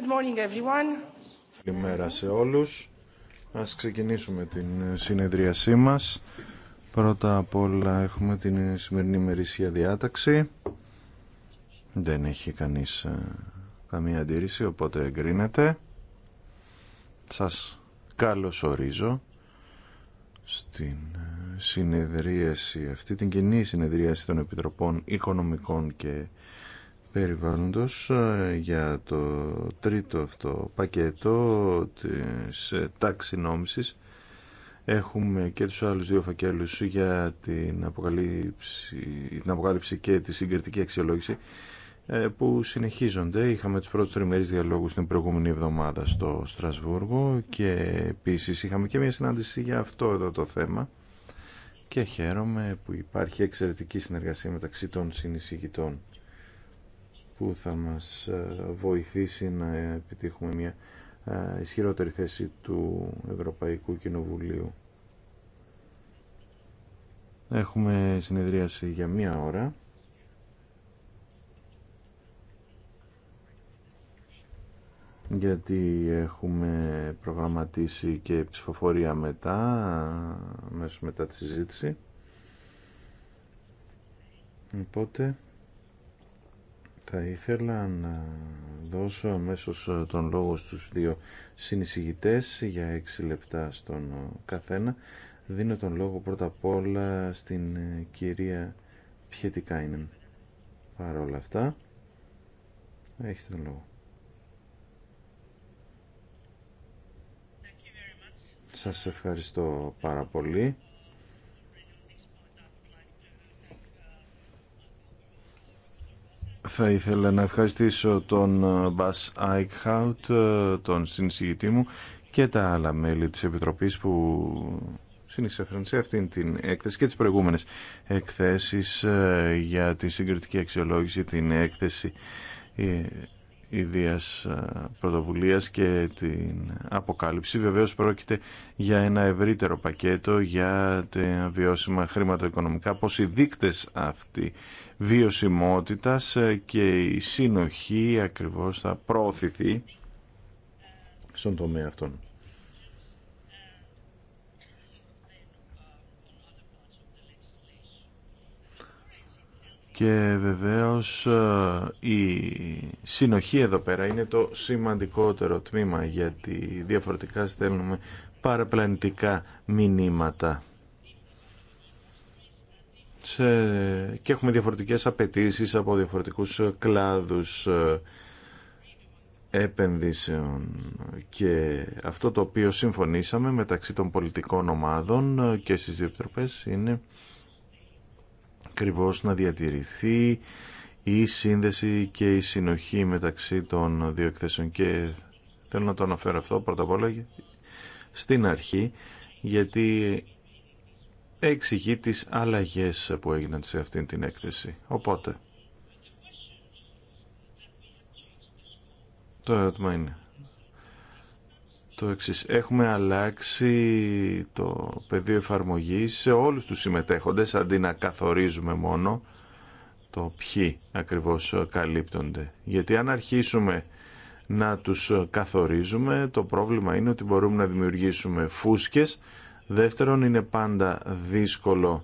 Good Καλημέρα σε όλους. Ας ξεκινήσουμε την συνεδρίασή μας. Πρώτα απ' όλα έχουμε την σημερινή μερίσια διάταξη. Δεν έχει κανείς ε, καμία αντίρρηση, οπότε εγκρίνεται. Σας καλωσορίζω στην ε, συνεδρίαση αυτή, την κοινή συνεδρίαση των Επιτροπών Οικονομικών και περιβάλλοντος ε, για το τρίτο αυτό πακέτο της ε, ταξινόμησης έχουμε και τους άλλους δύο φακέλους για την αποκαλύψη, την αποκάλυψη και τη συγκριτική αξιολόγηση ε, που συνεχίζονται. Είχαμε τις πρώτες τριμερείς διαλόγους την προηγούμενη εβδομάδα στο Στρασβούργο και επίσης είχαμε και μια συνάντηση για αυτό εδώ το θέμα και χαίρομαι που υπάρχει εξαιρετική συνεργασία μεταξύ των συνεισηγητών που θα μας ε, βοηθήσει να επιτύχουμε μια ε, ισχυρότερη θέση του Ευρωπαϊκού Κοινοβουλίου. Έχουμε συνεδρίαση για μία ώρα. γιατί έχουμε προγραμματίσει και ψηφοφορία μετά, μέσω μετά τη συζήτηση. Οπότε... Θα ήθελα να δώσω αμέσω ε, τον λόγο στους δύο συνεισηγητές για έξι λεπτά στον ε, καθένα. Δίνω τον λόγο πρώτα απ' όλα στην ε, κυρία Πιετικάινεν. Παρ' όλα αυτά, έχετε τον λόγο. Σας ευχαριστώ πάρα πολύ. Θα ήθελα να ευχαριστήσω τον ε, Μπας Άικχαουτ, ε, τον συνεισηγητή μου και τα άλλα μέλη της Επιτροπής που συνεισέφεραν σε αυτήν την έκθεση και τις προηγούμενες εκθέσεις ε, για τη συγκριτική αξιολόγηση, την έκθεση ιδίας ε, πρωτοβουλίας και την αποκάλυψη. Βεβαίως πρόκειται για ένα ευρύτερο πακέτο για τα βιώσιμα χρηματοοικονομικά, πως οι δείκτες αυτή βιωσιμότητας ε, και η συνοχή ακριβώς θα προωθηθεί στον τομέα αυτόν. Και βεβαίως ε, η συνοχή εδώ πέρα είναι το σημαντικότερο τμήμα γιατί διαφορετικά στέλνουμε παραπλανητικά μηνύματα. Και έχουμε διαφορετικές απαιτήσει από διαφορετικούς κλάδους ε, επενδύσεων και αυτό το οποίο συμφωνήσαμε μεταξύ των πολιτικών ομάδων ε, και στις δύο είναι ακριβώ να διατηρηθεί η σύνδεση και η συνοχή μεταξύ των δύο εκθέσεων και θέλω να το αναφέρω αυτό πρώτα απ' όλα στην αρχή γιατί εξηγεί τις αλλαγές που έγιναν σε αυτήν την έκθεση. Οπότε, το ερώτημα είναι το Έχουμε αλλάξει το πεδίο εφαρμογή σε όλους του συμμετέχοντες αντί να καθορίζουμε μόνο το ποιοι ακριβώς καλύπτονται. Γιατί αν αρχίσουμε να τους καθορίζουμε το πρόβλημα είναι ότι μπορούμε να δημιουργήσουμε φούσκε. Δεύτερον είναι πάντα δύσκολο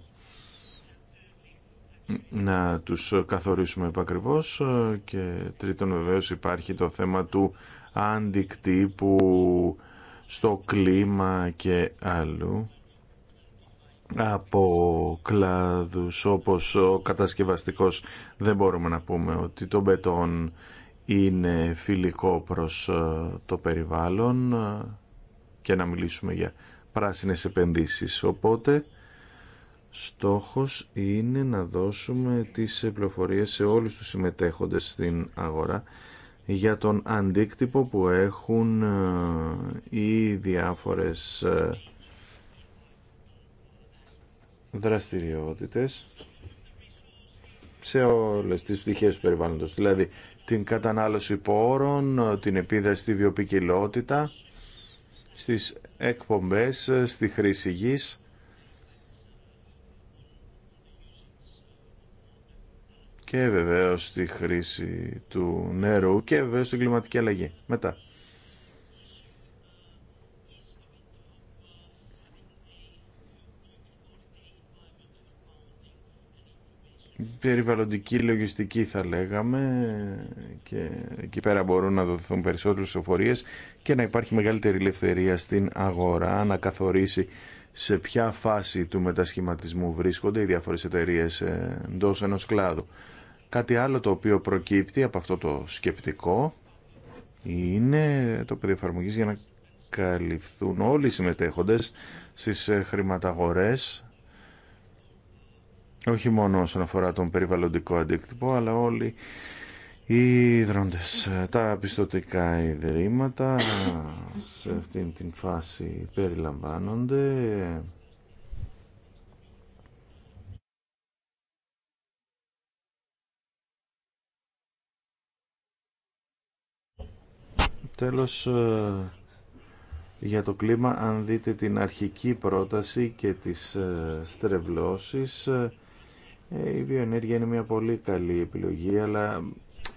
να τους καθορίσουμε επακριβώς και τρίτον βεβαίως υπάρχει το θέμα του αντικτύπου στο κλίμα και άλλου από κλάδους όπως ο κατασκευαστικός δεν μπορούμε να πούμε ότι το μπετόν είναι φιλικό προς ε, το περιβάλλον ε, και να μιλήσουμε για πράσινες επενδύσεις. Οπότε στόχος είναι να δώσουμε τις πληροφορίες σε όλους τους συμμετέχοντες στην αγορά για τον αντίκτυπο που έχουν ε, οι διάφορες ε, δραστηριότητες σε όλες τις πτυχές του περιβάλλοντος, δηλαδή την κατανάλωση πόρων, ε, την επίδραση στη βιοπικιλότητα, στις εκπομπές, στη χρήση γης και βεβαίως στη χρήση του νερού και βεβαίως στην κλιματική αλλαγή. Μετά. περιβαλλοντική λογιστική θα λέγαμε και εκεί πέρα μπορούν να δοθούν περισσότερες οφορίες και να υπάρχει μεγαλύτερη ελευθερία στην αγορά να καθορίσει σε ποια φάση του μετασχηματισμού βρίσκονται οι διάφορες εταιρείε ε, εντό ενός κλάδου. Κάτι άλλο το οποίο προκύπτει από αυτό το σκεπτικό είναι το πεδίο για να καλυφθούν όλοι οι συμμετέχοντες στις ε, χρηματαγορές όχι μόνο όσον αφορά τον περιβαλλοντικό αντίκτυπο, αλλά όλοι οι δρόντες, τα πιστοτικά ιδρύματα σε αυτήν την φάση περιλαμβάνονται. Τέλος, ε, για το κλίμα, αν δείτε την αρχική πρόταση και τις ε, στρεβλώσεις, ε, ε, η βιοενέργεια είναι μια πολύ καλή επιλογή, αλλά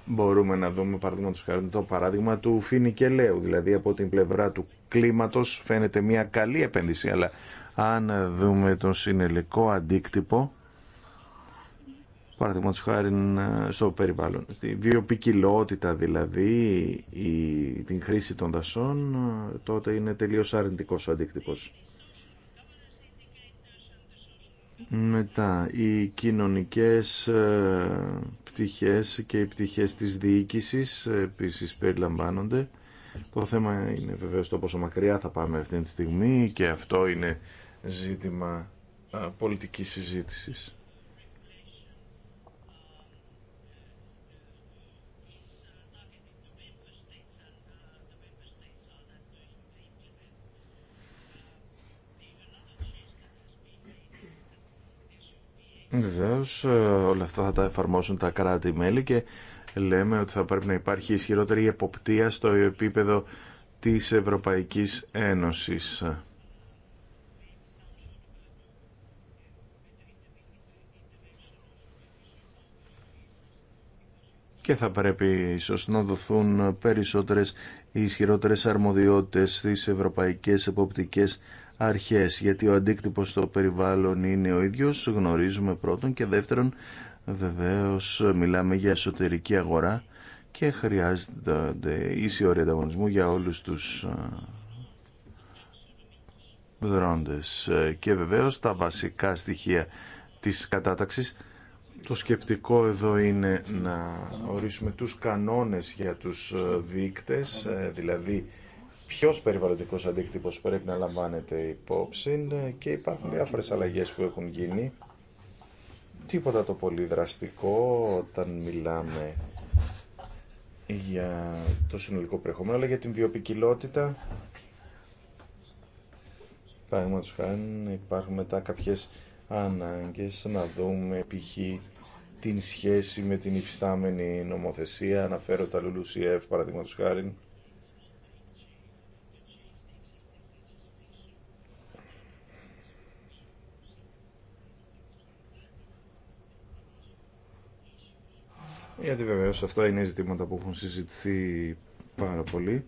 μπορούμε να δούμε παραδείγματος χάρη το παράδειγμα του φινικελαίου. Δηλαδή από την πλευρά του κλίματος φαίνεται μια καλή επένδυση, αλλά αν δούμε τον συνελικό αντίκτυπο, παραδείγματος χάρη στο περιβάλλον, στη βιοπικιλότητα δηλαδή, η, την χρήση των δασών, τότε είναι τελείως αρνητικός ο αντίκτυπος. Μετά, οι κοινωνικές ε, πτυχές και οι πτυχές της διοίκησης ε, επίσης περιλαμβάνονται. Το θέμα είναι βεβαίως το πόσο μακριά θα πάμε αυτή τη στιγμή και αυτό είναι ζήτημα ε, πολιτικής συζήτησης. Βεβαίω, ε, όλα αυτά θα τα εφαρμόσουν τα κράτη-μέλη και λέμε ότι θα πρέπει να υπάρχει ισχυρότερη εποπτεία στο επίπεδο της Ευρωπαϊκής Ένωσης. και θα πρέπει ίσως να δοθούν περισσότερες ή ισχυρότερες αρμοδιότητες στις ευρωπαϊκές εποπτικές αρχές, γιατί ο αντίκτυπος στο περιβάλλον είναι ο ίδιος, γνωρίζουμε πρώτον και δεύτερον βεβαίως μιλάμε για εσωτερική αγορά και χρειάζεται ίση ώρα ανταγωνισμού για όλους τους δρόντες. Και βεβαίως τα βασικά στοιχεία της κατάταξης το σκεπτικό εδώ είναι να ορίσουμε τους κανόνες για τους ε, δείκτες, ε, δηλαδή Ποιο περιβαλλοντικό αντίκτυπος πρέπει να λαμβάνεται υπόψη ναι, και υπάρχουν διάφορες αλλαγές που έχουν γίνει. Τίποτα το πολύ δραστικό όταν μιλάμε για το συνολικό περιεχόμενο, αλλά για την βιοπικιλότητα. Παραδείγματο χάρη υπάρχουν μετά κάποιες ανάγκες να δούμε π.χ. την σχέση με την υφιστάμενη νομοθεσία, αναφέρω τα LULUCF παραδείγματο χάρη, γιατί βεβαίω αυτά είναι ζητήματα που έχουν συζητηθεί πάρα πολύ.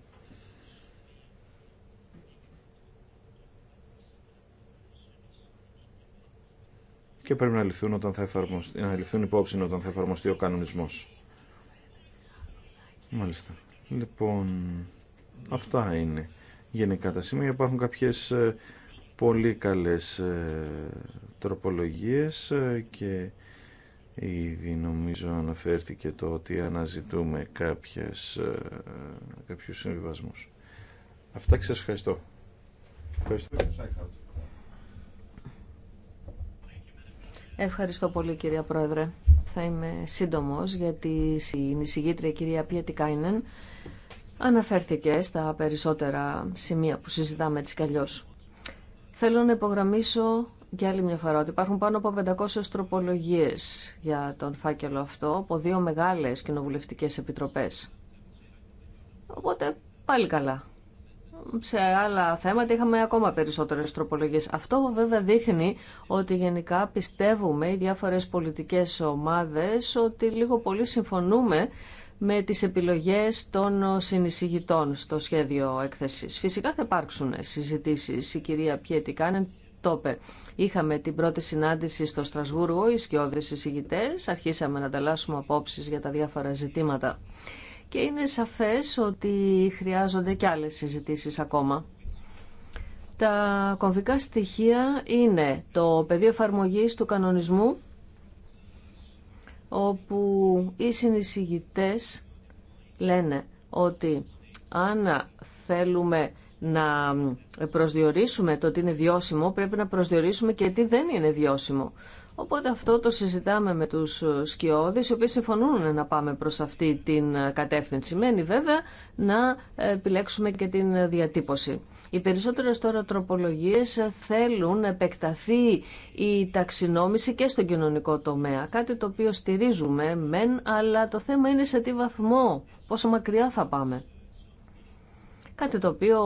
και πρέπει να ληφθούν, όταν θα εφαρμοστεί, να ληφθούν υπόψη όταν θα εφαρμοστεί ο κανονισμός. Μάλιστα. Λοιπόν, αυτά είναι γενικά τα σημεία. Υπάρχουν κάποιες ε, πολύ καλές ε, τροπολογίες ε, και Ήδη νομίζω αναφέρθηκε το ότι αναζητούμε κάποιες, ε, κάποιους συμβιβασμούς. Αυτά και σας ευχαριστώ. Ευχαριστώ. πολύ κυρία Πρόεδρε. Θα είμαι σύντομος γιατί η η κυρία Πιετικάινεν αναφέρθηκε στα περισσότερα σημεία που συζητάμε έτσι κι αλλιώς. Θέλω να υπογραμμίσω για άλλη μια φορά ότι υπάρχουν πάνω από 500 τροπολογίες για τον φάκελο αυτό από δύο μεγάλες κοινοβουλευτικές επιτροπές. Οπότε πάλι καλά. Σε άλλα θέματα είχαμε ακόμα περισσότερες τροπολογίες. Αυτό βέβαια δείχνει ότι γενικά πιστεύουμε οι διάφορες πολιτικές ομάδες ότι λίγο πολύ συμφωνούμε με τις επιλογές των συνεισηγητών στο σχέδιο έκθεσης. Φυσικά θα υπάρξουν συζητήσεις. Η κυρία Πιέτη Είχαμε την πρώτη συνάντηση στο Στρασβούργο, οι σκιώδρες εισηγητές, αρχίσαμε να ανταλλάσσουμε απόψεις για τα διάφορα ζητήματα. Και είναι σαφές ότι χρειάζονται και άλλες συζητήσεις ακόμα. Τα κομβικά στοιχεία είναι το πεδίο εφαρμογή του κανονισμού, όπου οι συνεισηγητές λένε ότι αν θέλουμε να προσδιορίσουμε το τι είναι βιώσιμο, πρέπει να προσδιορίσουμε και τι δεν είναι βιώσιμο. Οπότε αυτό το συζητάμε με τους σκιώδεις, οι οποίοι συμφωνούν να πάμε προς αυτή την κατεύθυνση. Μένει βέβαια να επιλέξουμε και την διατύπωση. Οι περισσότερες τώρα τροπολογίες θέλουν να επεκταθεί η ταξινόμηση και στον κοινωνικό τομέα. Κάτι το οποίο στηρίζουμε μεν, αλλά το θέμα είναι σε τι βαθμό, πόσο μακριά θα πάμε κάτι το οποίο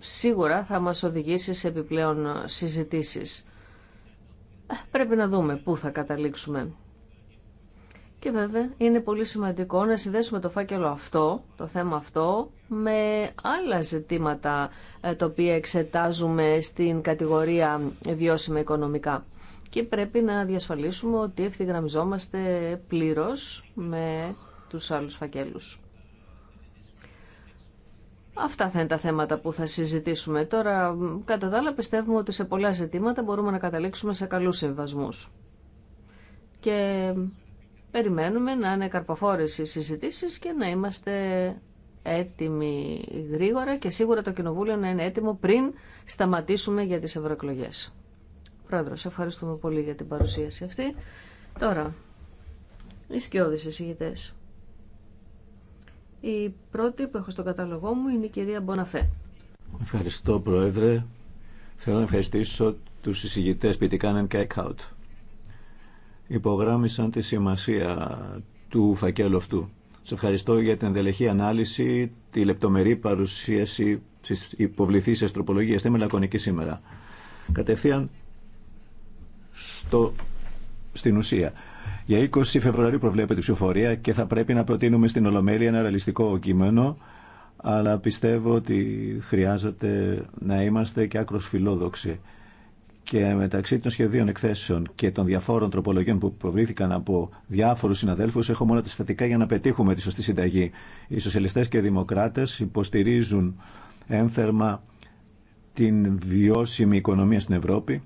σίγουρα θα μας οδηγήσει σε επιπλέον συζητήσεις. Ε, πρέπει να δούμε πού θα καταλήξουμε. Και βέβαια είναι πολύ σημαντικό να συνδέσουμε το φάκελο αυτό, το θέμα αυτό, με άλλα ζητήματα ε, τα οποία εξετάζουμε στην κατηγορία βιώσιμα οικονομικά. Και πρέπει να διασφαλίσουμε ότι ευθυγραμμιζόμαστε πλήρως με τους άλλους φακέλους. Αυτά θα είναι τα θέματα που θα συζητήσουμε. Τώρα, κατά τα άλλα, πιστεύουμε ότι σε πολλά ζητήματα μπορούμε να καταλήξουμε σε καλούς συμβασμούς. Και περιμένουμε να είναι καρποφόρε οι συζητήσεις και να είμαστε έτοιμοι γρήγορα και σίγουρα το Κοινοβούλιο να είναι έτοιμο πριν σταματήσουμε για τις ευρωεκλογέ. Πρόεδρο, ευχαριστούμε πολύ για την παρουσίαση αυτή. Τώρα, οι εισηγητές. Η πρώτη που έχω στον καταλογό μου είναι η κυρία Μποναφέ. Ευχαριστώ Πρόεδρε. Θέλω να ευχαριστήσω του εισηγητές Πιτικάνεν και Έκχαουτ. Υπογράμμισαν τη σημασία του φακέλου αυτού. Σας ευχαριστώ για την ενδελεχή ανάλυση, τη λεπτομερή παρουσίαση τη υποβληθή αστροπολογία. Είμαι λακωνική σήμερα. Κατευθείαν στο, στην ουσία. Για 20 Φεβρουαρίου προβλέπεται η ψηφοφορία και θα πρέπει να προτείνουμε στην Ολομέλεια ένα ρεαλιστικό κείμενο, αλλά πιστεύω ότι χρειάζεται να είμαστε και άκρο φιλόδοξοι. Και μεταξύ των σχεδίων εκθέσεων και των διαφόρων τροπολογιών που προβλήθηκαν από διάφορου συναδέλφου, έχω μόνο τα στατικά για να πετύχουμε τη σωστή συνταγή. Οι σοσιαλιστέ και οι δημοκράτε υποστηρίζουν ένθερμα την βιώσιμη οικονομία στην Ευρώπη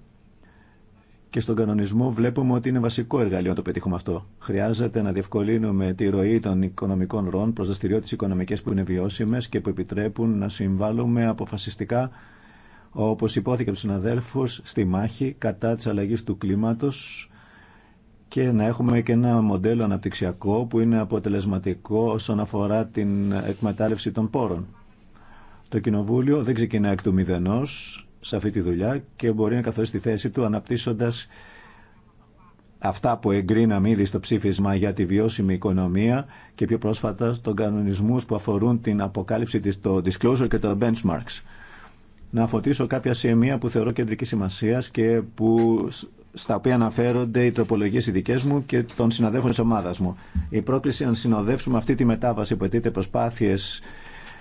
και στον κανονισμό βλέπουμε ότι είναι βασικό εργαλείο να το πετύχουμε αυτό. Χρειάζεται να διευκολύνουμε τη ροή των οικονομικών ροών προ δραστηριότητε οικονομικέ που είναι βιώσιμε και που επιτρέπουν να συμβάλλουμε αποφασιστικά, όπω υπόθηκε από του συναδέλφου, στη μάχη κατά τη αλλαγή του κλίματο και να έχουμε και ένα μοντέλο αναπτυξιακό που είναι αποτελεσματικό όσον αφορά την εκμετάλλευση των πόρων. Το Κοινοβούλιο δεν ξεκινά εκ του μηδενός, σε αυτή τη δουλειά και μπορεί να καθορίσει τη θέση του αναπτύσσοντας αυτά που εγκρίναμε ήδη στο ψήφισμα για τη βιώσιμη οικονομία και πιο πρόσφατα στον κανονισμούς που αφορούν την αποκάλυψη της, το disclosure και το benchmarks. Να φωτίσω κάποια σημεία που θεωρώ κεντρική σημασία και που, στα οποία αναφέρονται οι τροπολογίε οι δικέ μου και των συναδέλφων τη ομάδα μου. Η πρόκληση να συνοδεύσουμε αυτή τη μετάβαση που αιτείται προσπάθειε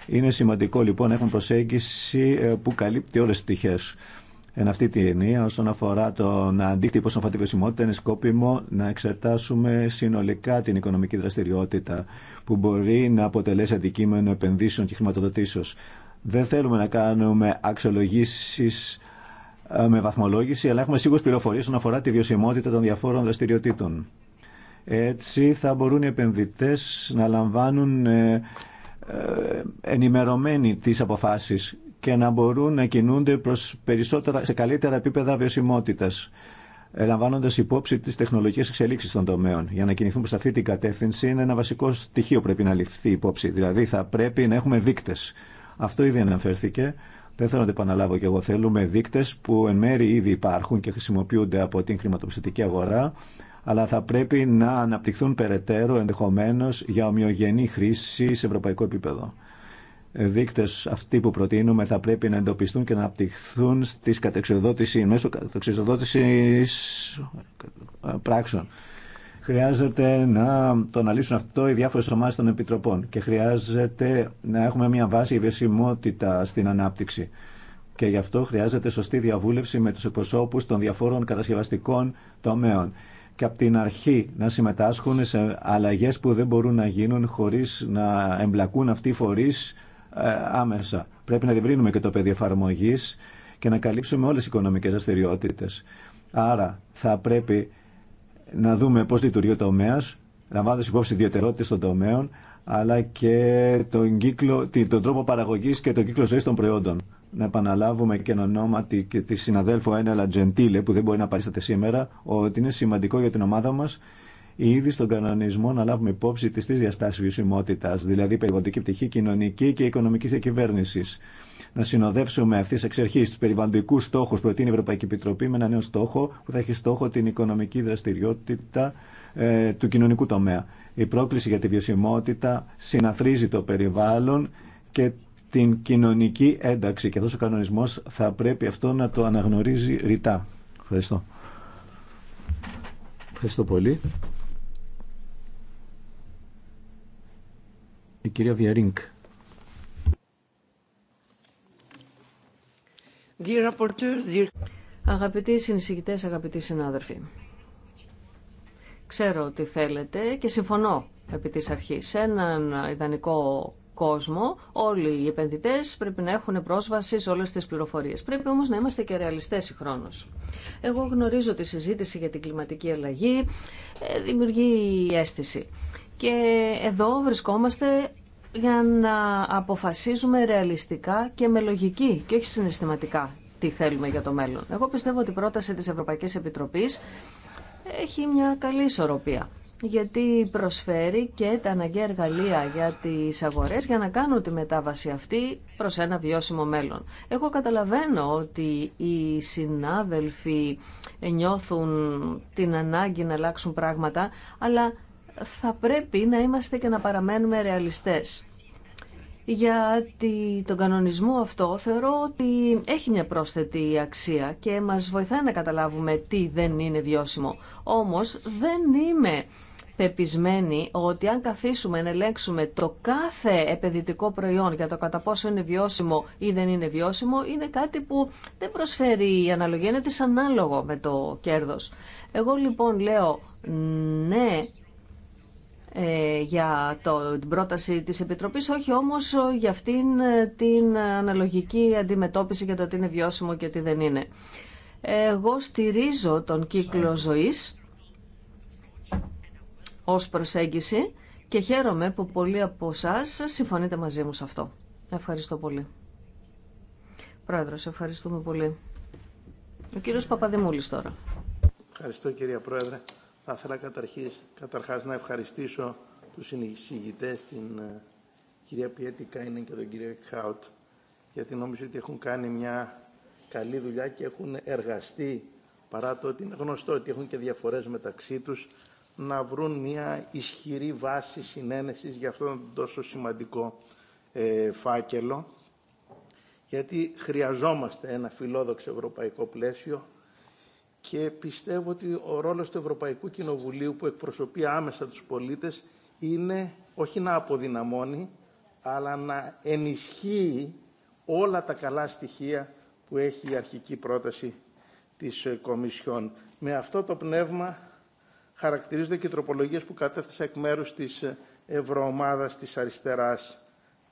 είναι σημαντικό λοιπόν να έχουμε προσέγγιση ε, που καλύπτει όλε τι πτυχέ Εν αυτή τη ενία, όσον αφορά τον αντίκτυπο στον βιωσιμότητα, είναι σκόπιμο να εξετάσουμε συνολικά την οικονομική δραστηριότητα που μπορεί να αποτελέσει αντικείμενο επενδύσεων και χρηματοδοτήσεως. Δεν θέλουμε να κάνουμε αξιολογήσει ε, με βαθμολόγηση, αλλά έχουμε σίγουρε πληροφορίε όσον αφορά τη βιωσιμότητα των διαφόρων δραστηριοτήτων. Έτσι θα μπορούν οι επενδυτές να λαμβάνουν ε, ε, ενημερωμένοι τις αποφάσεις και να μπορούν να κινούνται προς περισσότερα, σε καλύτερα επίπεδα βιωσιμότητας ε, λαμβάνοντα υπόψη τι τεχνολογικέ εξελίξει των τομέων. Για να κινηθούν προ αυτή την κατεύθυνση, είναι ένα βασικό στοιχείο πρέπει να ληφθεί υπόψη. Δηλαδή, θα πρέπει να έχουμε δείκτε. Αυτό ήδη αναφέρθηκε. Δεν θέλω να το επαναλάβω κι εγώ. Θέλουμε δείκτε που εν μέρει ήδη υπάρχουν και χρησιμοποιούνται από την χρηματοπιστωτική αγορά, αλλά θα πρέπει να αναπτυχθούν περαιτέρω ενδεχομένω για ομοιογενή χρήση σε ευρωπαϊκό επίπεδο. Δείκτε αυτοί που προτείνουμε θα πρέπει να εντοπιστούν και να αναπτυχθούν στις κατεξοδότηση, μέσω κατεξοδότησης ε, πράξεων. Χρειάζεται να το αναλύσουν αυτό οι διάφορε ομάδες των επιτροπών και χρειάζεται να έχουμε μια βάση ευαισιμότητα στην ανάπτυξη και γι' αυτό χρειάζεται σωστή διαβούλευση με του εκπροσώπους των διαφόρων κατασκευαστικών τομέων και από την αρχή να συμμετάσχουν σε αλλαγές που δεν μπορούν να γίνουν χωρίς να εμπλακούν αυτοί οι φορείς ε, άμεσα. Πρέπει να διευρύνουμε και το πεδίο εφαρμογή και να καλύψουμε όλες τι οικονομικές δραστηριότητε. Άρα θα πρέπει να δούμε πώς λειτουργεί ο τομέας, λαμβάνοντας υπόψη ιδιαιτερότητες των τομέων, αλλά και τον, κύκλο, τον τρόπο παραγωγής και τον κύκλο ζωής των προϊόντων να επαναλάβουμε και εν ονόματι και τη συναδέλφου Ένελα Τζεντήλε που δεν μπορεί να παρίσταται σήμερα ότι είναι σημαντικό για την ομάδα μας ήδη στον κανονισμό να λάβουμε υπόψη τις τρεις διαστάσεις βιωσιμότητας, δηλαδή περιβαλλοντική πτυχή, κοινωνική και οικονομική διακυβέρνηση. Να συνοδεύσουμε αυτή εξ αρχή του περιβαλλοντικού στόχου που προτείνει η Ευρωπαϊκή Επιτροπή με ένα νέο στόχο που θα έχει στόχο την οικονομική δραστηριότητα ε, του κοινωνικού τομέα. Η πρόκληση για τη βιωσιμότητα συναθρίζει το περιβάλλον και την κοινωνική ένταξη και αυτός ο κανονισμός θα πρέπει αυτό να το αναγνωρίζει ρητά. Ευχαριστώ. Ευχαριστώ πολύ. Η κυρία Βιαρίνκ. Αγαπητοί συνεισηγητές, αγαπητοί συνάδελφοι, ξέρω ότι θέλετε και συμφωνώ επί της αρχής. Έναν ιδανικό κόσμο, όλοι οι επενδυτές πρέπει να έχουν πρόσβαση σε όλες τις πληροφορίες. Πρέπει όμως να είμαστε και ρεαλιστές συγχρόνω. Εγώ γνωρίζω τη συζήτηση για την κλιματική αλλαγή, ε, δημιουργεί αίσθηση. Και εδώ βρισκόμαστε για να αποφασίζουμε ρεαλιστικά και με λογική και όχι συναισθηματικά τι θέλουμε για το μέλλον. Εγώ πιστεύω ότι η πρόταση της Ευρωπαϊκής Επιτροπής έχει μια καλή ισορροπία γιατί προσφέρει και τα αναγκαία εργαλεία για τις αγορές για να κάνουν τη μετάβαση αυτή προς ένα βιώσιμο μέλλον. Εγώ καταλαβαίνω ότι οι συνάδελφοι νιώθουν την ανάγκη να αλλάξουν πράγματα, αλλά θα πρέπει να είμαστε και να παραμένουμε ρεαλιστές. Γιατί τον κανονισμό αυτό θεωρώ ότι έχει μια πρόσθετη αξία και μας βοηθάει να καταλάβουμε τι δεν είναι βιώσιμο. Όμως δεν είμαι πεπισμένοι ότι αν καθίσουμε να ελέγξουμε το κάθε επενδυτικό προϊόν για το κατά πόσο είναι βιώσιμο ή δεν είναι βιώσιμο, είναι κάτι που δεν προσφέρει η αναλογία, είναι δυσανάλογο με το κέρδος. Εγώ λοιπόν λέω ναι ε, για το, την πρόταση της Επιτροπής, όχι όμως για αυτήν ε, την αναλογική αντιμετώπιση για το τι είναι βιώσιμο και τι δεν είναι. Εγώ στηρίζω τον κύκλο ζωής ως προσέγγιση και χαίρομαι που πολλοί από εσά συμφωνείτε μαζί μου σε αυτό. Ευχαριστώ πολύ. Πρόεδρος, ευχαριστούμε πολύ. Ο κύριος Παπαδημούλης τώρα. Ευχαριστώ κυρία Πρόεδρε. Θα ήθελα καταρχής, καταρχάς να ευχαριστήσω τους συνηγητές, την ε, κυρία Πιέτη Κάινεν και τον κύριο Κάουτ, γιατί νομίζω ότι έχουν κάνει μια καλή δουλειά και έχουν εργαστεί παρά το ότι είναι γνωστό ότι έχουν και διαφορές μεταξύ τους να βρουν μια ισχυρή βάση συνένεσης για αυτόν τον τόσο σημαντικό ε, φάκελο, γιατί χρειαζόμαστε ένα φιλόδοξο ευρωπαϊκό πλαίσιο και πιστεύω ότι ο ρόλος του Ευρωπαϊκού Κοινοβουλίου που εκπροσωπεί άμεσα τους πολίτες είναι όχι να αποδυναμώνει, αλλά να ενισχύει όλα τα καλά στοιχεία που έχει η αρχική πρόταση της ε, Κομισιόν. Με αυτό το πνεύμα χαρακτηρίζονται και οι τροπολογίες που κατέθεσα εκ μέρου της ε, ευρωομάδα τη Αριστεράς.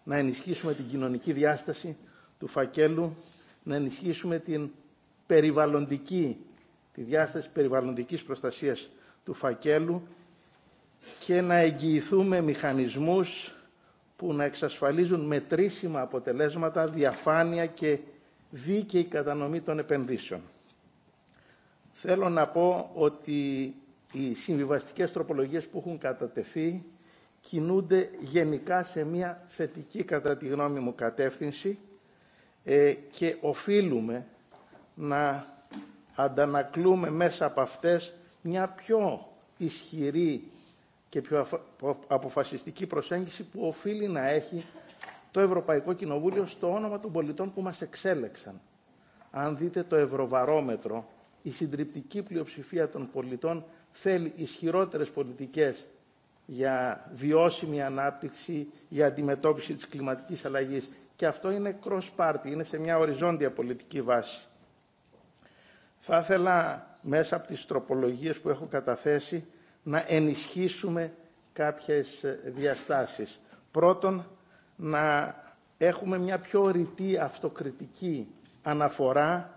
Να ενισχύσουμε την κοινωνική διάσταση του φακέλου, να ενισχύσουμε την περιβαλλοντική, τη διάσταση περιβαλλοντικής προστασίας του φακέλου και να εγγυηθούμε μηχανισμούς που να εξασφαλίζουν μετρήσιμα αποτελέσματα, διαφάνεια και δίκαιη κατανομή των επενδύσεων. Θέλω να πω ότι οι συμβιβαστικές τροπολογίες που έχουν κατατεθεί κινούνται γενικά σε μια θετική κατά τη γνώμη μου κατεύθυνση ε, και οφείλουμε να αντανακλούμε μέσα από αυτές μια πιο ισχυρή και πιο αποφασιστική προσέγγιση που οφείλει να έχει το Ευρωπαϊκό Κοινοβούλιο στο όνομα των πολιτών που μας εξέλεξαν. Αν δείτε το Ευρωβαρόμετρο η συντριπτική πλειοψηφία των πολιτών θέλει ισχυρότερες πολιτικές για βιώσιμη ανάπτυξη, για αντιμετώπιση της κλιματικής αλλαγής. Και αυτό είναι cross-party, είναι σε μια οριζόντια πολιτική βάση. Θα ήθελα μέσα από τις τροπολογίες που έχω καταθέσει να ενισχύσουμε κάποιες διαστάσεις. Πρώτον, να έχουμε μια πιο ρητή αυτοκριτική αναφορά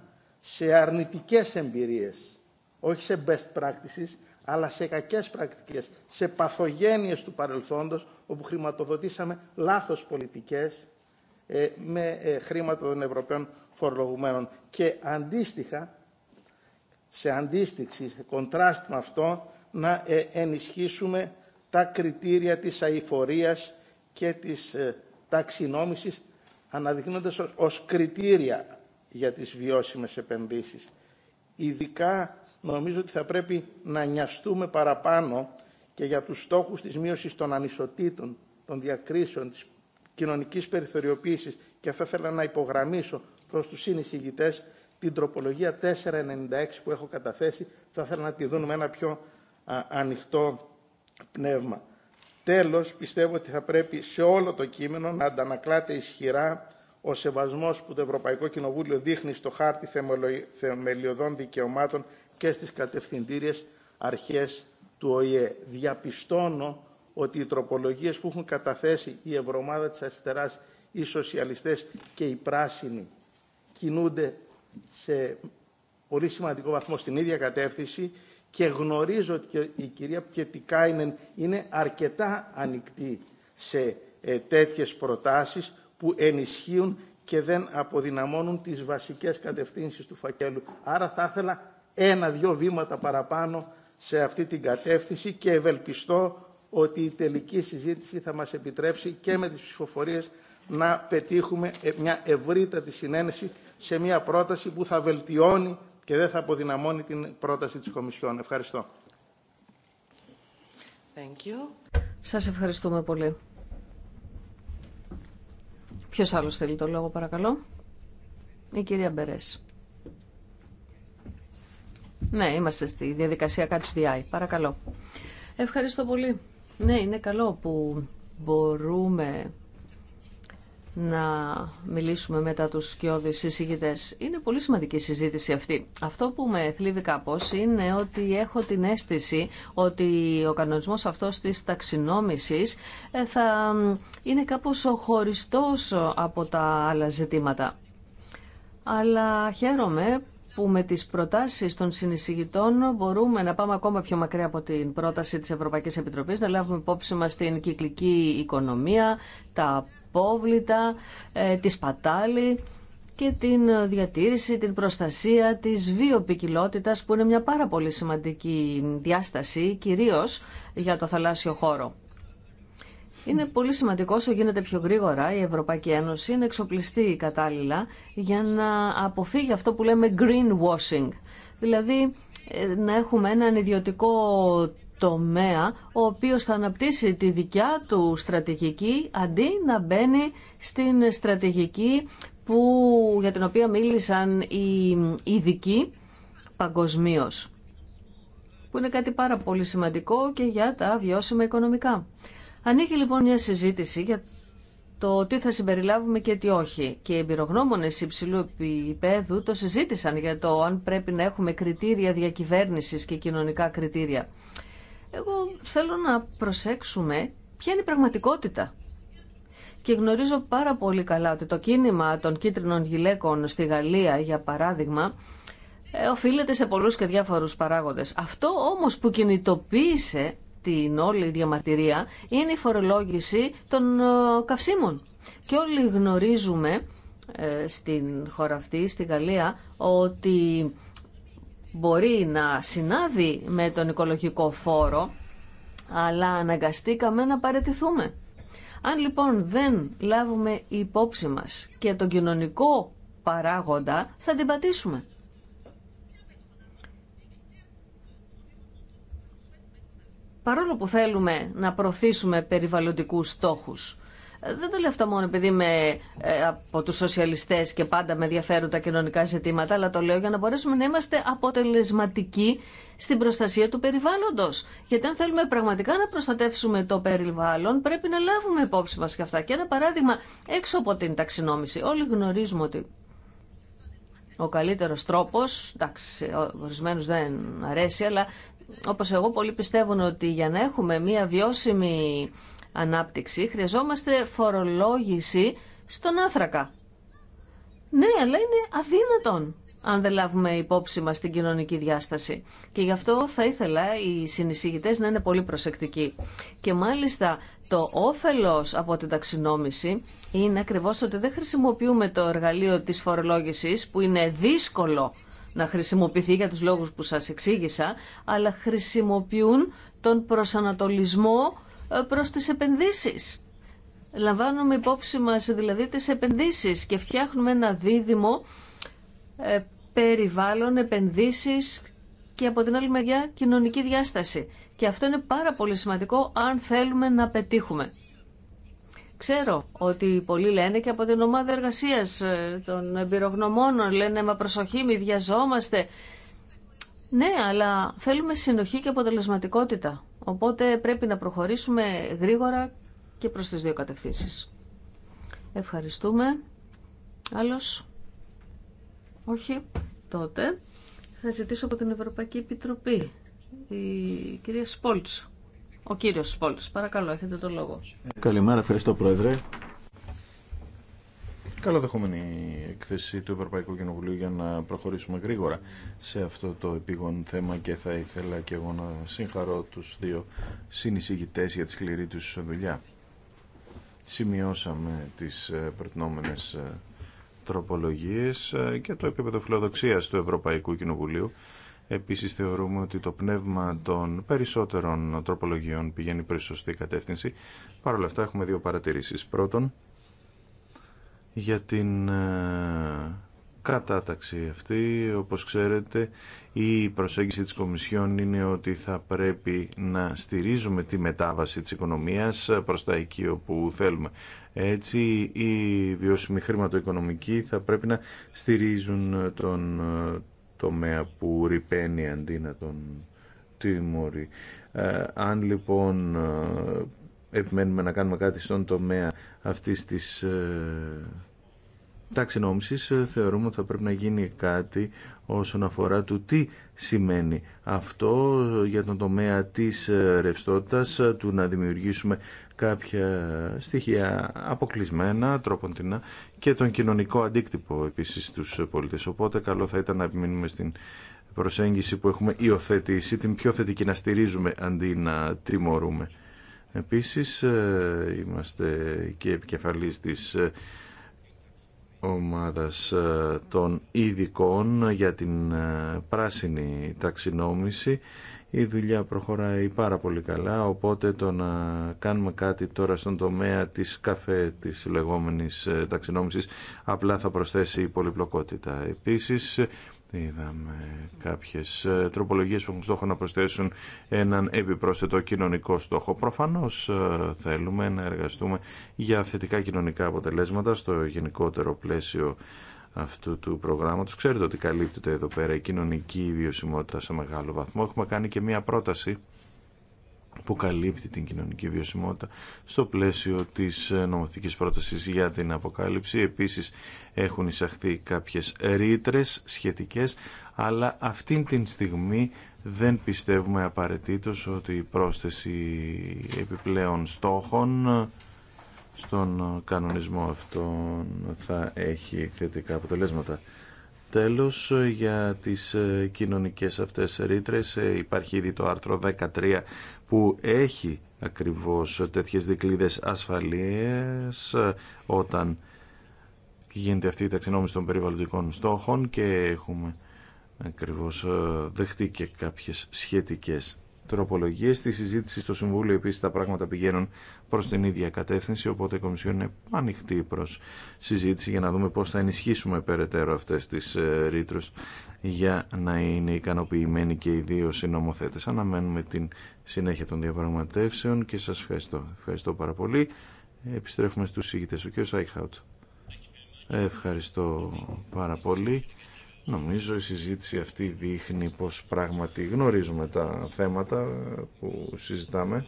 σε αρνητικές εμπειρίες, όχι σε best practices, αλλά σε κακές πρακτικές, σε παθογένειες του παρελθόντος, όπου χρηματοδοτήσαμε λάθος πολιτικές ε, με ε, χρήματα των Ευρωπαίων φορολογουμένων. Και αντίστοιχα, σε αντίστοιξη, σε κοντράστ με αυτό, να ε, ενισχύσουμε τα κριτήρια της αηφορίας και της ταξινόμησης αναδεικνύοντας ως, κριτήρια για τις βιώσιμες επενδύσεις. Ειδικά νομίζω ότι θα πρέπει να νοιαστούμε παραπάνω και για τους στόχους της μείωσης των ανισοτήτων, των διακρίσεων, της κοινωνικής περιθωριοποίησης και θα ήθελα να υπογραμμίσω προς τους συνεισηγητές την τροπολογία 496 που έχω καταθέσει, θα ήθελα να τη δουν με ένα πιο ανοιχτό πνεύμα. Τέλος, πιστεύω ότι θα πρέπει σε όλο το κείμενο να αντανακλάται ισχυρά ο σεβασμός που το Ευρωπαϊκό Κοινοβούλιο δείχνει στο χάρτη θεμελιωδών δικαιωμάτων και στις κατευθυντήριε αρχές του ΟΗΕ. Διαπιστώνω ότι οι τροπολογίες που έχουν καταθέσει η Ευρωομάδα τη Αριστερά, οι σοσιαλιστέ και οι Πράσινοι κινούνται σε πολύ σημαντικό βαθμό στην ίδια κατεύθυνση και γνωρίζω ότι η κυρία Πιετικάινεν είναι αρκετά ανοιχτή σε ε, τέτοιες προτάσεις που ενισχύουν και δεν αποδυναμώνουν τις βασικές κατευθύνσεις του φακέλου. Άρα θα ήθελα ένα-δυο βήματα παραπάνω σε αυτή την κατεύθυνση και ευελπιστώ ότι η τελική συζήτηση θα μας επιτρέψει και με τις ψηφοφορίες να πετύχουμε μια ευρύτατη συνένεση σε μια πρόταση που θα βελτιώνει και δεν θα αποδυναμώνει την πρόταση της Κομισιόν. Ευχαριστώ. Thank you. Σας ευχαριστούμε πολύ. Ποιος άλλος θέλει το λόγο παρακαλώ. Η κυρία Μπερές. Ναι, είμαστε στη διαδικασία Catch the Eye. Παρακαλώ. Ευχαριστώ πολύ. Ναι, είναι καλό που μπορούμε να μιλήσουμε μετά τους σκιώδεις συζήτητες. Είναι πολύ σημαντική η συζήτηση αυτή. Αυτό που με θλίβει κάπως είναι ότι έχω την αίσθηση ότι ο κανονισμός αυτός της ταξινόμησης ε, θα είναι κάπως χωριστός από τα άλλα ζητήματα. Αλλά χαίρομαι που με τις προτάσεις των συνεισηγητών μπορούμε να πάμε ακόμα πιο μακριά από την πρόταση της Ευρωπαϊκής Επιτροπής, να λάβουμε υπόψη μας την κυκλική οικονομία, τα απόβλητα, ε, τη σπατάλη και την διατήρηση, την προστασία της βιοπικιλότητας που είναι μια πάρα πολύ σημαντική διάσταση κυρίως για το θαλάσσιο χώρο. Είναι πολύ σημαντικό όσο γίνεται πιο γρήγορα η Ευρωπαϊκή Ένωση να εξοπλιστεί κατάλληλα για να αποφύγει αυτό που λέμε greenwashing. Δηλαδή ε, να έχουμε έναν ιδιωτικό τομέα ο οποίος θα αναπτύσσει τη δικιά του στρατηγική αντί να μπαίνει στην στρατηγική που, για την οποία μίλησαν οι ειδικοί παγκοσμίω που είναι κάτι πάρα πολύ σημαντικό και για τα βιώσιμα οικονομικά. Ανοίγει λοιπόν μια συζήτηση για το τι θα συμπεριλάβουμε και τι όχι. Και οι εμπειρογνώμονε υψηλού επίπεδου το συζήτησαν για το αν πρέπει να έχουμε κριτήρια διακυβέρνηση και κοινωνικά κριτήρια. Εγώ θέλω να προσέξουμε ποια είναι η πραγματικότητα. Και γνωρίζω πάρα πολύ καλά ότι το κίνημα των κίτρινων γυλαίκων στη Γαλλία, για παράδειγμα, ε, οφείλεται σε πολλούς και διάφορους παράγοντες. Αυτό όμως που κινητοποίησε την όλη διαμαρτυρία είναι η φορολόγηση των ε, καυσίμων. Και όλοι γνωρίζουμε ε, στην χώρα αυτή, στη Γαλλία, ότι μπορεί να συνάδει με τον οικολογικό φόρο, αλλά αναγκαστήκαμε να παρετηθούμε. Αν λοιπόν δεν λάβουμε υπόψη μας και τον κοινωνικό παράγοντα, θα την πατήσουμε. Παρόλο που θέλουμε να προωθήσουμε περιβαλλοντικούς στόχους, δεν το λέω αυτό μόνο επειδή είμαι ε, από του σοσιαλιστές και πάντα με ενδιαφέρουν τα κοινωνικά ζητήματα, αλλά το λέω για να μπορέσουμε να είμαστε αποτελεσματικοί στην προστασία του περιβάλλοντο. Γιατί αν θέλουμε πραγματικά να προστατεύσουμε το περιβάλλον, πρέπει να λάβουμε υπόψη μα και αυτά. Και ένα παράδειγμα έξω από την ταξινόμηση. Όλοι γνωρίζουμε ότι ο καλύτερο τρόπο, εντάξει, ορισμένου δεν αρέσει, αλλά όπω εγώ πολλοί πιστεύουν ότι για να έχουμε μια βιώσιμη ανάπτυξη, χρειαζόμαστε φορολόγηση στον άνθρακα. Ναι, αλλά είναι αδύνατον αν δεν λάβουμε υπόψη μας την κοινωνική διάσταση. Και γι' αυτό θα ήθελα οι συνεισηγητές να είναι πολύ προσεκτικοί. Και μάλιστα το όφελος από την ταξινόμηση είναι ακριβώς ότι δεν χρησιμοποιούμε το εργαλείο της φορολόγησης που είναι δύσκολο να χρησιμοποιηθεί για τους λόγους που σας εξήγησα, αλλά χρησιμοποιούν τον προσανατολισμό ε, προς τις επενδύσεις. Λαμβάνουμε υπόψη μας δηλαδή τις επενδύσεις και φτιάχνουμε ένα δίδυμο ε, περιβάλλον, επενδύσεις και από την άλλη μεριά κοινωνική διάσταση. Και αυτό είναι πάρα πολύ σημαντικό αν θέλουμε να πετύχουμε. Ξέρω ότι πολλοί λένε και από την ομάδα εργασίας ε, των εμπειρογνωμόνων λένε «Μα προσοχή, μη βιαζόμαστε, ναι, αλλά θέλουμε συνοχή και αποτελεσματικότητα. Οπότε πρέπει να προχωρήσουμε γρήγορα και προς τις δύο κατευθύνσεις. Ευχαριστούμε. Άλλος. Όχι. Τότε θα ζητήσω από την Ευρωπαϊκή Επιτροπή η κυρία Σπόλτς. Ο κύριος Σπόλτς. Παρακαλώ, έχετε το λόγο. Καλημέρα, ευχαριστώ Πρόεδρε καλοδεχόμενη εκθέση του Ευρωπαϊκού Κοινοβουλίου για να προχωρήσουμε γρήγορα σε αυτό το επίγον θέμα και θα ήθελα και εγώ να συγχαρώ τους δύο συνεισηγητές για τη σκληρή τους δουλειά. Σημειώσαμε τις ε, προτινόμενες ε, τροπολογίες ε, και το επίπεδο φιλοδοξίας του Ευρωπαϊκού Κοινοβουλίου. Επίσης θεωρούμε ότι το πνεύμα των περισσότερων τροπολογιών πηγαίνει προς σωστή κατεύθυνση. Παρ' όλα αυτά έχουμε δύο παρατηρήσεις. Πρώτον, για την ε, κατάταξη αυτή. Όπως ξέρετε, η προσέγγιση της Κομισιόν είναι ότι θα πρέπει να στηρίζουμε τη μετάβαση της οικονομίας προς τα εκεί όπου θέλουμε. Έτσι, οι βιώσιμοι χρηματοοικονομικοί θα πρέπει να στηρίζουν τον ε, τομέα που ρηπαίνει αντί να τον τιμωρεί. Ε, αν λοιπόν επιμένουμε να κάνουμε κάτι στον τομέα αυτής της ε, νόμισης. Ε, θεωρούμε ότι θα πρέπει να γίνει κάτι όσον αφορά του τι σημαίνει αυτό για τον τομέα της ε, ρευστότητας του να δημιουργήσουμε κάποια στοιχεία αποκλεισμένα, τρόποντινά και τον κοινωνικό αντίκτυπο επίσης τους πολίτες. Οπότε καλό θα ήταν να επιμείνουμε στην προσέγγιση που έχουμε υιοθετήσει, την πιο θετική να στηρίζουμε αντί να τιμωρούμε. Επίσης ε, είμαστε και επικεφαλής της ε, ομάδας ε, των ειδικών για την πράσινη ταξινόμηση. Η δουλειά προχωράει πάρα πολύ καλά, οπότε το να κάνουμε κάτι τώρα στον τομέα της καφέ της λεγόμενης ταξινόμησης απλά θα προσθέσει πολυπλοκότητα. Επίσης Είδαμε κάποιες ε, τροπολογίες που έχουν στόχο να προσθέσουν έναν επιπρόσθετο κοινωνικό στόχο. Προφανώς ε, θέλουμε να εργαστούμε για θετικά κοινωνικά αποτελέσματα στο γενικότερο πλαίσιο αυτού του προγράμματος. Ξέρετε ότι καλύπτεται εδώ πέρα η κοινωνική βιωσιμότητα σε μεγάλο βαθμό. Έχουμε κάνει και μία πρόταση που καλύπτει την κοινωνική βιωσιμότητα στο πλαίσιο της ε, νομοθετικής πρότασης για την αποκάλυψη. Επίσης έχουν εισαχθεί κάποιες ρήτρε σχετικές, αλλά αυτήν την στιγμή δεν πιστεύουμε απαραίτητος ότι η πρόσθεση επιπλέον στόχων ε, στον κανονισμό αυτόν θα έχει θετικά αποτελέσματα. Τέλος, ε, για τις κοινωνικές αυτές ρήτρε υπάρχει ήδη το άρθρο που έχει ακριβώς τέτοιες δικλείδες ασφαλείας ε, όταν γίνεται αυτή η ταξινόμηση των περιβαλλοντικών στόχων και έχουμε ακριβώς ε, δεχτεί και κάποιες σχετικές Στη συζήτηση στο Συμβούλιο επίση τα πράγματα πηγαίνουν προ την ίδια κατεύθυνση, οπότε η Κομισιόν είναι ανοιχτή προ συζήτηση για να δούμε πώ θα ενισχύσουμε περαιτέρω αυτέ τι ε, ρήτρε για να είναι ικανοποιημένοι και οι δύο συνομοθέτε. Αναμένουμε την συνέχεια των διαπραγματεύσεων και σα ευχαριστώ. Ευχαριστώ πάρα πολύ. Επιστρέφουμε στους ηγητέ. Ο κ. Σάιχαουτ. Ευχαριστώ πάρα πολύ. Νομίζω η συζήτηση αυτή δείχνει πως πράγματι γνωρίζουμε τα θέματα που συζητάμε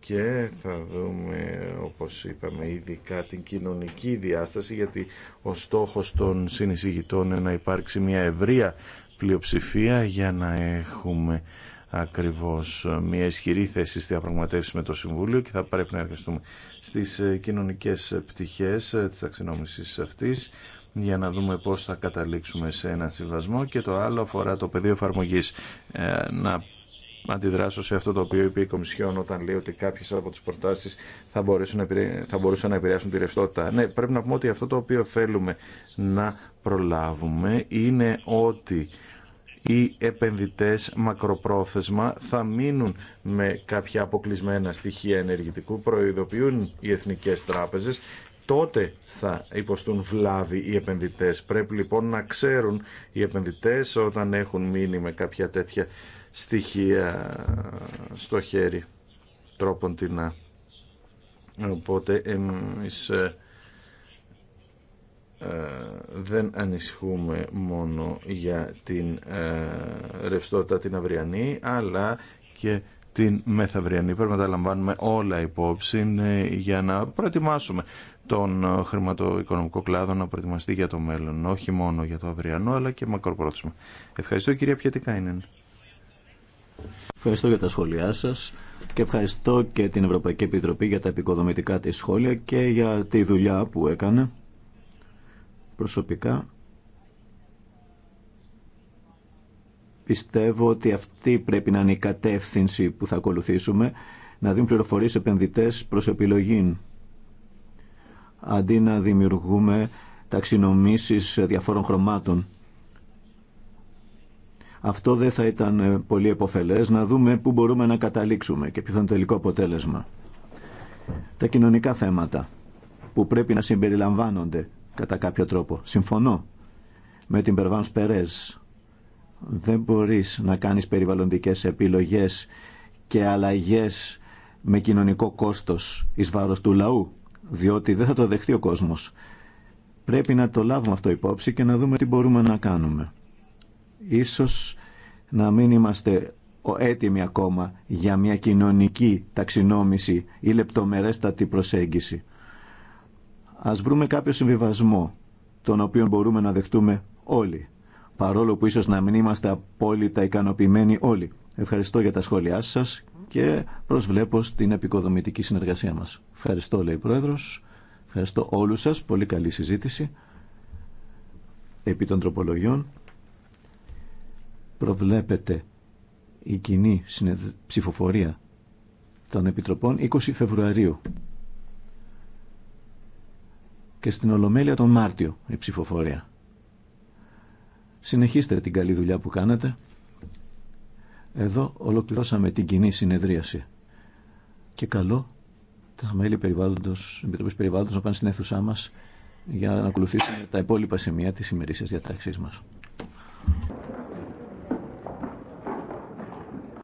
και θα δούμε όπως είπαμε ειδικά την κοινωνική διάσταση γιατί ο στόχος των συνεισηγητών είναι να υπάρξει μια ευρεία πλειοψηφία για να έχουμε ακριβώς μια ισχυρή θέση στη διαπραγματεύση με το Συμβούλιο και θα πρέπει να εργαστούμε στις κοινωνικές πτυχές της ταξινόμησης αυτής για να δούμε πώς θα καταλήξουμε σε έναν συμβασμό και το άλλο αφορά το πεδίο εφαρμογή. Ε, να αντιδράσω σε αυτό το οποίο είπε η Κομισιόν όταν λέει ότι κάποιες από τις προτάσεις θα, μπορούσαν να θα μπορούσαν να επηρεάσουν τη ρευστότητα. Ναι, πρέπει να πούμε ότι αυτό το οποίο θέλουμε να προλάβουμε είναι ότι οι επενδυτές μακροπρόθεσμα θα μείνουν με κάποια αποκλεισμένα στοιχεία ενεργητικού, προειδοποιούν οι εθνικές τράπεζες τότε θα υποστούν βλάβη οι επενδυτές. Πρέπει λοιπόν να ξέρουν οι επενδυτές όταν έχουν μείνει με κάποια τέτοια στοιχεία στο χέρι τρόπον την Οπότε εμείς ε, ε, δεν ανησυχούμε μόνο για την ε, ρευστότητα την αυριανή αλλά και την μεθαυριανή. Πρέπει να τα λαμβάνουμε όλα υπόψη για να προετοιμάσουμε τον ε, χρηματοοικονομικό κλάδο να προετοιμαστεί για το μέλλον, όχι μόνο για το αυριανό αλλά και μακροπρόθεσμα. Ευχαριστώ κυρία Πιατικάινεν. Ευχαριστώ για τα σχόλιά σα και ευχαριστώ και την Ευρωπαϊκή Επιτροπή για τα επικοδομητικά της σχόλια και για τη δουλειά που έκανε προσωπικά. Πιστεύω ότι αυτή πρέπει να είναι η κατεύθυνση που θα ακολουθήσουμε, να δίνουν πληροφορίες επενδυτές προς επιλογή αντί να δημιουργούμε ταξινομήσεις διαφόρων χρωμάτων. Αυτό δεν θα ήταν ε, πολύ επωφελές να δούμε πού μπορούμε να καταλήξουμε και ποιο θα είναι το τελικό αποτέλεσμα. Τα κοινωνικά θέματα που πρέπει να συμπεριλαμβάνονται κατά κάποιο τρόπο. Συμφωνώ με την Περβάνς Περές. Δεν μπορείς να κάνεις περιβαλλοντικές επιλογές και αλλαγές με κοινωνικό κόστος εις βάρος του λαού διότι δεν θα το δεχτεί ο κόσμος. Πρέπει να το λάβουμε αυτό υπόψη και να δούμε τι μπορούμε να κάνουμε. Ίσως να μην είμαστε έτοιμοι ακόμα για μια κοινωνική ταξινόμηση ή λεπτομερέστατη προσέγγιση. Ας βρούμε κάποιο συμβιβασμό, τον οποίο μπορούμε να δεχτούμε όλοι, παρόλο που ίσως να μην είμαστε απόλυτα ικανοποιημένοι όλοι. Ευχαριστώ για τα σχόλιά σας και προσβλέπω στην επικοδομητική συνεργασία μας. Ευχαριστώ, λέει η Πρόεδρος. Ευχαριστώ όλους σας. Πολύ καλή συζήτηση επί των τροπολογιών. Προβλέπεται η κοινή ψηφοφορία των Επιτροπών 20 Φεβρουαρίου και στην Ολομέλεια τον Μάρτιο η ψηφοφορία. Συνεχίστε την καλή δουλειά που κάνετε. Εδώ ολοκληρώσαμε την κοινή συνεδρίαση. Και καλό τα μέλη περιβάλλοντος, Περιβάλλοντος να πάνε στην αίθουσά μας για να ακολουθήσουν τα υπόλοιπα σημεία της σημερινής διατάξής μας.